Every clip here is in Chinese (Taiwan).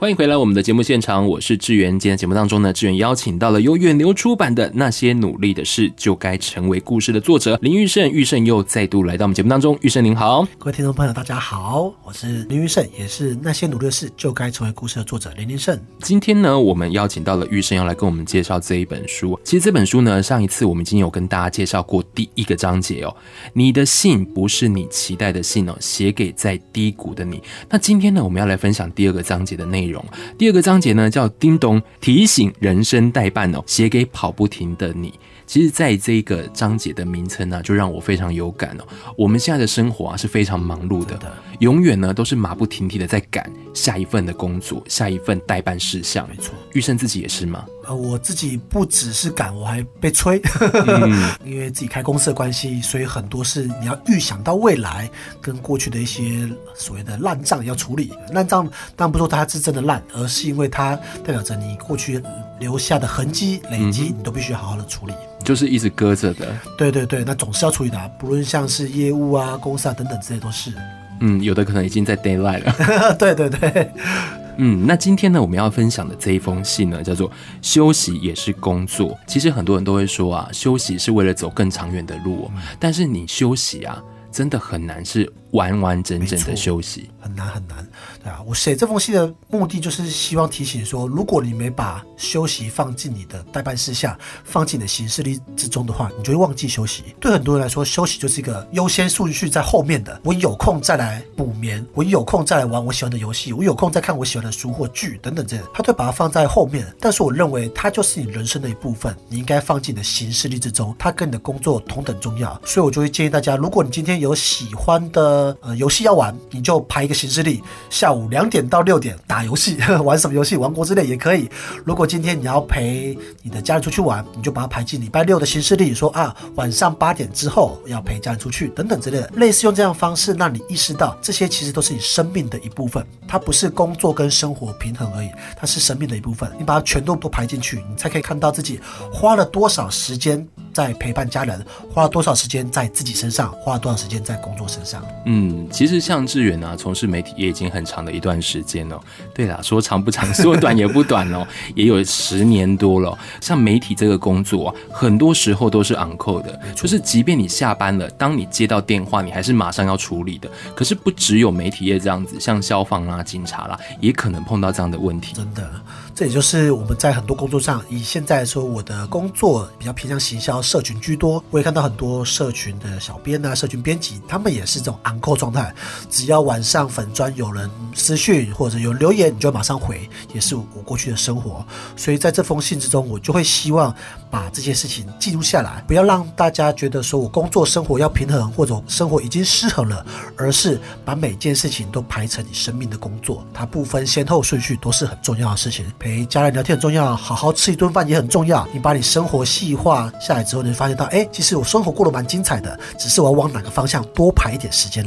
歡迎回來我們的節目現場，我是智由。今天的節目當中呢，智由邀請到了由遠流出版的《那些努力的事就該成為故事》的作者林育聖，育聖又再度來到我們節目當中。育聖您好，各位聽眾朋友，大家好，我是林育聖，也是《那些努力的事就該成為故事》的作者林育聖。今天呢，我們邀請到了育聖要來跟我們介紹這一本書。其實這本書呢，上一次我們已經有跟大家介紹過第一個章節哦，你的信不是你期待的信哦，寫給在低谷的你。那今天呢，我們要來分享第二個章節的內容。第二個章節呢，叫“叮咚提醒人生待辦哦”，寫給跑不停的你。其實，在這個章節的名稱呢、啊，就讓我非常有感哦。我們現在的生活啊，是非常忙碌的，真的。永遠呢都是馬不停蹄的在趕下一份的工作，下一份待辦事項。沒錯。育聖自己也是嗎？呃，我自己不只是趕，我還被催， 嗯、因為自己開公司的關係，所以很多事你要預想到未來跟過去的一些所謂的爛賬要處理。爛賬當然不說它是真的爛，而是因為它代表着你過去留下的痕跡累積，嗯、你都必須好好的處理，就是一直擱着的。對對對，那總是要處理的、啊，不論像是業務啊、公司啊等等這些都是。嗯，有的可能已經在 daylight 了。 對,對對對。嗯，那今天呢，我們要分享的這一封信呢，叫做《休息也是工作》。其實很多人都會說啊，休息是為了走更長遠的路哦，但是你休息啊，真的很難是。完完整整的休息很難很難，對啊，我寫這封信的目的就是希望提醒說，如果你沒把休息放進你的待辦事項，放進你的行事曆之中的話，你就會忘記休息。對很多人來說，休息就是一個優先順序在後面的，我有空再來補眠，我有空再來玩我喜歡的遊戲，我有空再看我喜歡的書或劇等等這他都把它放在後面。但是我認為它就是你人生的一部分，你應該放進你的行事曆之中，它跟你的工作同等重要。所以我就會建議大家，如果你今天有喜歡的。呃，遊戲要玩，你就排一個行事曆，下午兩點到六點打遊戲，玩什麼遊戲？王國之淚也可以。如果今天你要陪你的家人出去玩，你就把它排進禮拜六的行事曆，說啊，晚上八點之後要陪家人出去，等等之類的。類似用這樣的方式，讓你意識到這些其實都是你生命的一部分，它不是工作跟生活平衡而已，它是生命的一部分。你把它全部都排進去，你才可以看到自己花了多少時間在陪伴家人，花了多少時間在自己身上，花了多少時間在工作身上。嗯，其實像志遠啊，從事媒體也已經很長的一段時間了，喔。對啦，說長不長，說短也不短哦，喔， 也有十年多了，喔。像媒體這個工作啊，很多時候都是 on call 的，就是即便你下班了，當你接到電話，你還是馬上要處理的。可是不只有媒體業這樣子，像消防啦，啊，警察啦，啊，也可能碰到這樣的問題。真的，這也就是我們在很多工作上，以現在來說我的工作比較偏向行銷、社群居多，我也看到很多社群的小編啊、社群編輯，他們也是這種 on call。扣狀態，只要晚上粉專有人私訊或者有留言，你就馬上回，也是我過去的生活。所以在這封信之中，我就會希望把這件事情記錄下來，不要讓大家覺得說我工作生活要平衡，或者生活已經失衡了，而是把每件事情都排成你生命的工作，它不分先後順序，都是很重要的事情。陪家人聊天很重要，好好吃一頓飯也很重要。你把你生活細化下來之後，你會發現到，哎、欸，其實我生活過得蠻精彩的，只是我要往哪個方向多排一點時間。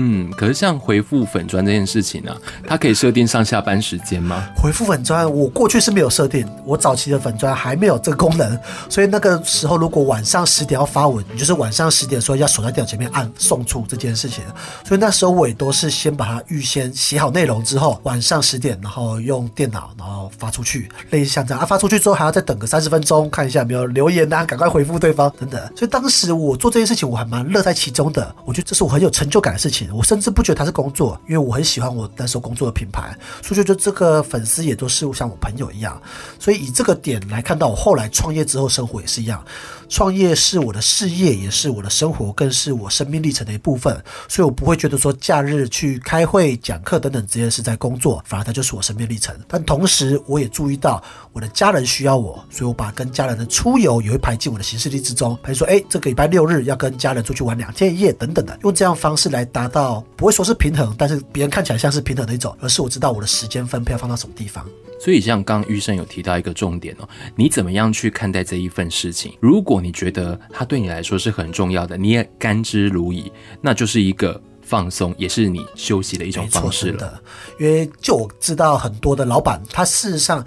嗯，可是像回覆粉專這件事情呢、啊，它可以設定上下班時間嗎？回覆粉專，我過去是沒有設定，我早期的粉專還沒有這個功能，所以那個時候如果晚上十點要發文，你就是晚上十點的時候要鎖在電腦前面按送出這件事情，所以那時候我也都是先把它預先寫好內容之後，晚上十點然後用電腦然後發出去，類似像這樣啊，發出去之後還要再等個三十分鐘，看一下有沒有留言的、啊，趕快回覆對方等等，所以當時我做這件事情我還蠻樂在其中的，我覺得這是我很有成就感的事情。我甚至不覺得它是工作，因為我很喜歡我那時候工作的品牌，所以就這個粉絲也都是像我朋友一樣，所以以這個點來看到，我後來創業之後生活也是一樣，創業是我的事業，也是我的生活，更是我生命歷程的一部分，所以我不會覺得說假日去開會、講課等等這些是在工作，反而它就是我生命歷程。但同時，我也注意到我的家人需要我，所以我把跟家人的出遊也會排進我的行事曆之中，比如說哎，這個禮拜六日要跟家人出去玩兩天一夜等等的，用這樣的方式來搭。到不會說是平衡，但是別人看起來像是平衡的一種，而是我知道我的時間分配要放到什麼地方。所以像剛剛育聖有提到一個重點哦，你怎麼樣去看待這一份事情？如果你覺得他對你來說是很重要的，你也甘之如饴，那就是一個放鬆，也是你休息的一種方式了的。因為就我知道很多的老板，他事實上。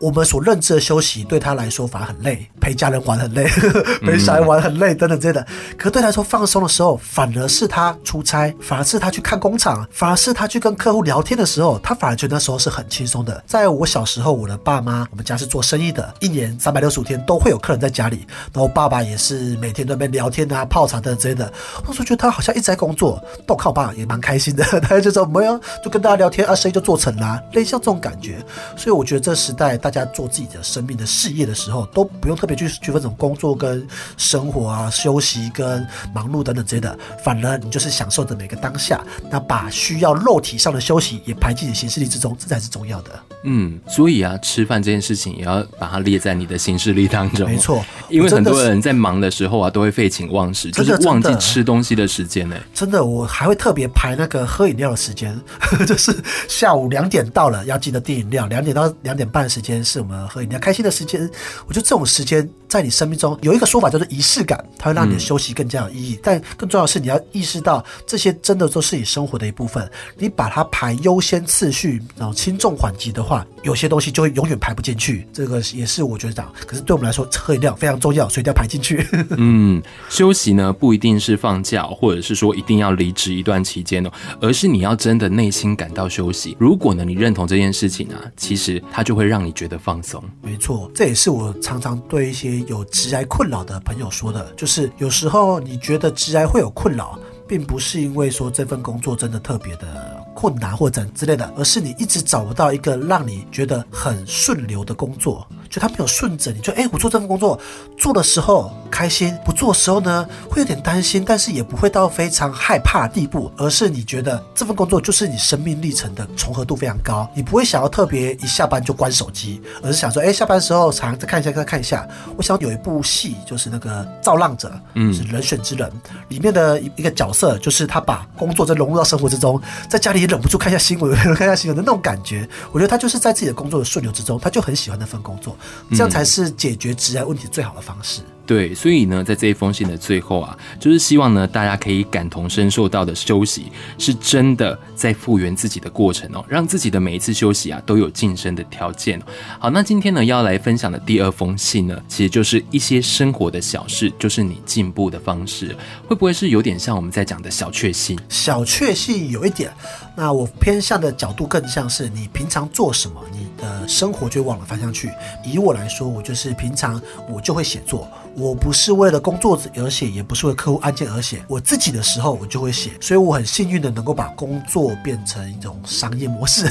我們所認知的休息對他來說反而很累，陪家人玩很累，呵呵陪小孩玩很累，嗯、等等之類的。可對他來說，放鬆的時候反而是他出差，反而是他去看工廠，反而是他去跟客戶聊天的時候，他反而覺得那時候是很輕鬆的。在我小時候，我的爸媽，我們家是做生意的，一年三百六十五天都會有客人在家裡。然後爸爸也是每天都在那邊聊天啊、泡茶等等之類的。那時候覺得他好像一直在工作，但我看我爸也蠻開心的，他就說沒有，就跟大家聊天啊，生意就做成了、啊，類似這種感覺。所以我覺得這時代。大家做自己的生命的事業的時候，都不用特別去區分這種工作跟生活啊、休息跟忙碌等等之類的，反而你就是享受着每個當下。那把需要肉體上的休息也排進你行事曆之中，這才是重要的。嗯，所以啊，吃飯這件事情也要把它列在你的行事曆當中。沒錯錯，因為很多人在忙的時候啊，都會廢寢忘食，的就是忘記吃東西的時間呢、欸。真的，我還會特別排那個喝飲料的時間， 就是下午兩點到了，要記得訂飲料，兩點到兩點半時間。是我們喝飲料開心的時間，我覺得這種時間在你生命中有一個說法，叫做儀式感，它會讓你的休息更加有意義。但更重要的是，你要意識到這些真的都是你生活的一部分。你把它排優先次序，然後輕重緩急的話，有些東西就會永遠排不進去。這個也是我覺得啊，可是對我們來說，喝飲料非常重要，所以一定要排進去。嗯，休息呢，不一定是放假，或者是說一定要離職一段期間哦，而是你要真的內心感到休息。如果呢，你認同這件事情呢，啊，其實它就會讓你覺。覺得放鬆，沒錯，這也是我常常對一些有職涯困擾的朋友說的。就是有時候你覺得職涯會有困擾，並不是因為說這份工作真的特別的困難或者之類的，而是你一直找不到一個讓你覺得很順流的工作。就他沒有順着你就，哎、欸，我做這份工作做的時候開心，不做的時候呢會有點擔心，但是也不會到非常害怕的地步，而是你覺得這份工作就是你生命歷程的重合度非常高，你不會想要特別一下班就關手機，而是想說，哎、欸，下班的時候常再看一下，再看一下。我想有一部戲就是那個《造浪者》，嗯，是《人選之人》裡面的一一個角色，就是他把工作再融入到生活之中，在家裡也忍不住看一下新聞， 看一下新聞的那種感覺。我覺得他就是在自己的工作的順流之中，他就很喜歡那份工作。這樣才是解決直癌問題最好的方式、嗯。對，所以呢，在這一封信的最後啊，就是希望呢，大家可以感同身受到的休息是真的在復原自己的過程哦，讓自己的每一次休息啊都有晉升的條件、哦。好，那今天呢要來分享的第二封信呢，其實就是一些生活的小事，就是你進步的方式，會不會是有點像我們在講的小確幸？小確幸有一點。那我偏向的角度更像是你平常做什麼，你的生活就往哪方向去。以我來說，我就是平常我就會寫作。我不是為了工作而寫，也不是為客戶案件而寫。我自己的時候，我就會寫。所以，我很幸運的能夠把工作變成一種商業模式，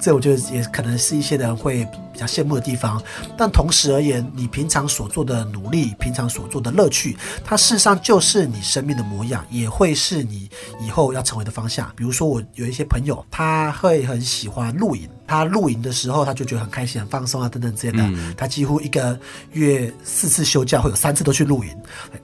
這 我覺得也可能是一些人會比較羨慕的地方。但同時而言，你平常所做的努力，平常所做的樂趣，它事實上就是你生命的模樣，也會是你以後要成為的方向。比如說，我有一些朋友，他會很喜歡露營。他露營的時候，他就覺得很開心、很放鬆啊，等等之類的。嗯、他幾乎一個月四次休假，會有三次都去露營。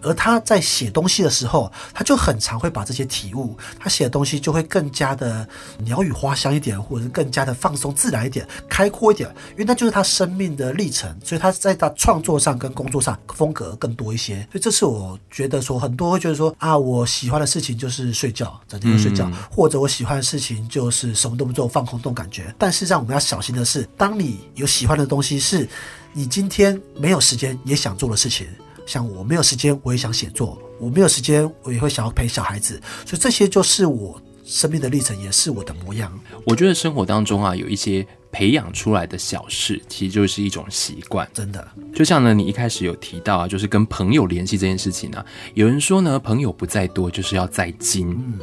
而他在寫東西的時候，他就很常會把這些體悟，他寫的東西就會更加的鳥語花香一點，或者是更加的放鬆、自然一點、開闊一點。因為那就是他生命的歷程，所以他在他創作上跟工作上風格更多一些。所以這次我覺得說，很多會覺得說啊，我喜歡的事情就是睡覺，整天睡覺，嗯、或者我喜歡的事情就是什麼都不做，放空的感覺。但是。但我們要小心的是，當你有喜歡的東西是，是你今天沒有時間也想做的事情。像我沒有時間，我也想寫作；我沒有時間，我也會想要陪小孩子。所以這些就是我生命的歷程，也是我的模樣。我覺得生活當中啊，有一些培養出來的小事，其實就是一種習慣。真的，就像呢，你一開始有提到啊，就是跟朋友聯繫這件事情呢、啊。有人說呢，朋友不在多，就是要在精。嗯。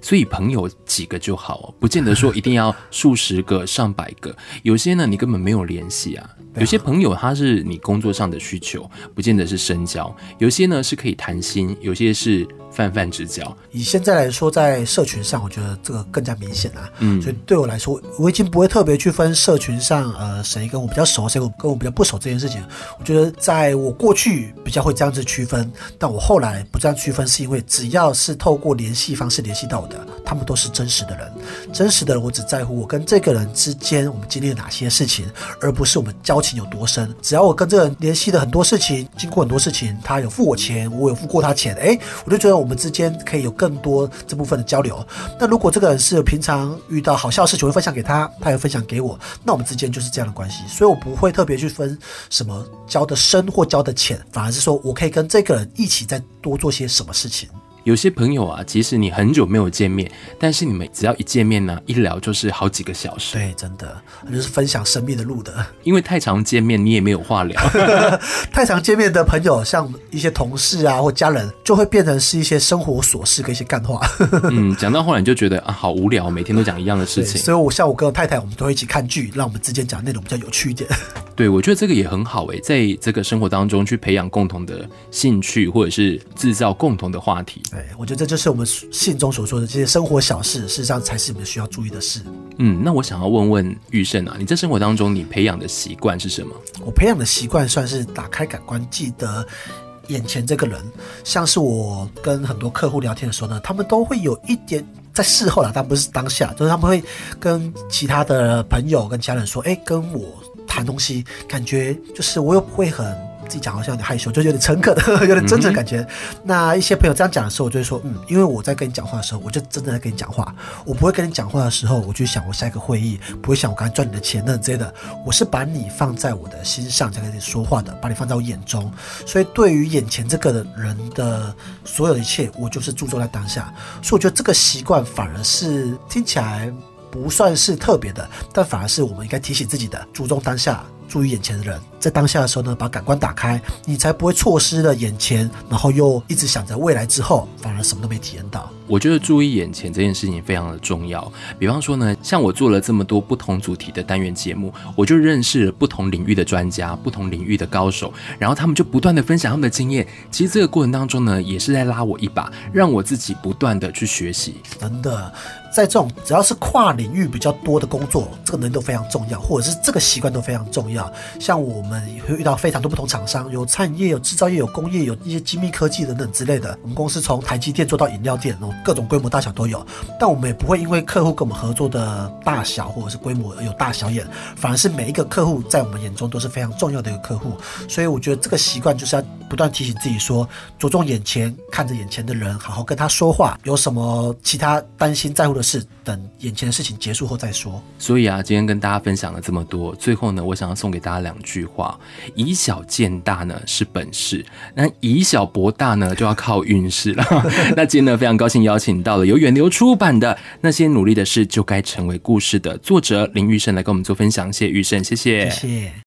所以朋友幾個就好，不見得說一定要數十個、上百個。 有些呢，你根本沒有聯繫啊。有些朋友他是你工作上的需求，不見得是深交。有些呢是可以談心，有些是。泛泛之交，以現在來說，在社群上，我覺得這個更加明顯啊。嗯，所以對我來說，我已經不會特別去分社群上，呃，誰跟我比較熟，誰跟我比較不熟這件事情。我覺得，在我過去比較會這樣子區分，但我後來不這樣區分，是因為只要是透過聯繫方式聯繫到我的，他們都是真實的人。真實的人，我只在乎我跟這個人之間我們經歷了哪些事情，而不是我們交情有多深。只要我跟這個人聯繫的很多事情，經過很多事情，他有付我錢，我有付過他錢，誒，我就覺得我。我們之間可以有更多這部分的交流。那如果這個人是平常遇到好笑的事情，我會分享給他，他也分享給我，那我們之間就是這樣的關係。所以我不會特別去分什麼交的深或交的淺，反而是說我可以跟這個人一起再多做些什麼事情。有些朋友啊，即使你很久沒有見面，但是你們只要一見面呢、啊，一聊就是好幾個小時。對，真的，就是分享生命的路的。因為太常見面，你也沒有話聊。 太常見面的朋友，像一些同事啊或家人，就會變成是一些生活瑣事跟一些幹話。 嗯，講到後來你就覺得啊，好無聊，每天都講一樣的事情。所以，我像我跟我太太，我們都會一起看劇，讓我們之間講內容比較有趣一點。 對，我覺得這個也很好誒、欸，在這個生活當中去培養共同的興趣，或者是製造共同的話題。對，我覺得這就是我們信中所說的這些生活小事，事實上才是你們需要注意的事。嗯，那我想要問問育聖啊，你在生活當中你培養的習慣是什麼？我培養的習慣算是打開感官，記得眼前這個人。像是我跟很多客戶聊天的時候呢，他們都會有一點在事後啊，但不是當下，就是他們會跟其他的朋友、跟家人說：“哎，跟我。”東西感覺就是我又不會很自己講，好像有點害羞，就有點誠懇的 有點真誠感覺。那一些朋友這樣講的時候，我就會說，嗯，因為我在跟你講話的時候，我就真的在跟你講話。我不會跟你講話的時候，我就想我下一個會議，不會想我剛才賺你的錢那之類的。我是把你放在我的心上在跟你說話的，把你放在我眼中。所以對於眼前這個的人的所有一切，我就是注重在當下。所以我覺得這個習慣反而是聽起來。不算是特別的，但反而是我們應該提醒自己的，注重當下。注意眼前的人，在當下的時候呢，把感官打開，你才不會錯失了眼前，然後又一直想着未來之後，反而什麼都沒體驗到。我覺得注意眼前這件事情非常的重要。比方說呢，像我做了這麼多不同主題的單元節目，我就認識了不同領域的專家、不同領域的高手，然後他們就不斷的分享他們的經驗。其實這個過程當中呢，也是在拉我一把，讓我自己不斷的去學習。真的，在這種只要是跨領域比較多的工作，這個能力都非常重要，或者是這個習慣都非常重要。像我們也會遇到非常多不同廠商，有餐飲業，有製造業，有工業，有一些精密科技等等之類的。我們公司從台積電做到飲料店，然後各種規模大小都有。但我們也不會因為客戶跟我們合作的大小或者是規模而有大小眼，反而是每一個客戶在我們眼中都是非常重要的一個客戶。所以我覺得這個習慣就是要不斷提醒自己說，着重眼前，看着眼前的人，好好跟他說話。有什麼其他擔心在乎的事，等眼前的事情結束後再說。所以啊，今天跟大家分享了這麼多，最後呢，我想要送。送給大家兩句話：以小見大呢是本事，那以小博大呢就要靠運勢了。 那今天呢非常高興邀請到了由遠流出版的《那些努力的事就該成為故事》的作者林育聖來跟我們做分享。謝謝育聖，謝謝，謝謝。